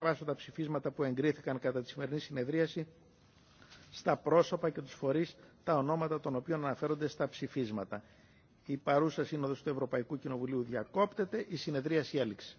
διαβάσω τα ψηφίσματα που εγκρίθηκαν κατά τη σημερινή συνεδρίαση στα πρόσωπα και τους φορείς τα ονόματα των οποίων αναφέρονται στα ψηφίσματα. Η παρούσα σύνοδος του Ευρωπαϊκού Κοινοβουλίου διακόπτεται. Η συνεδρίαση έληξε.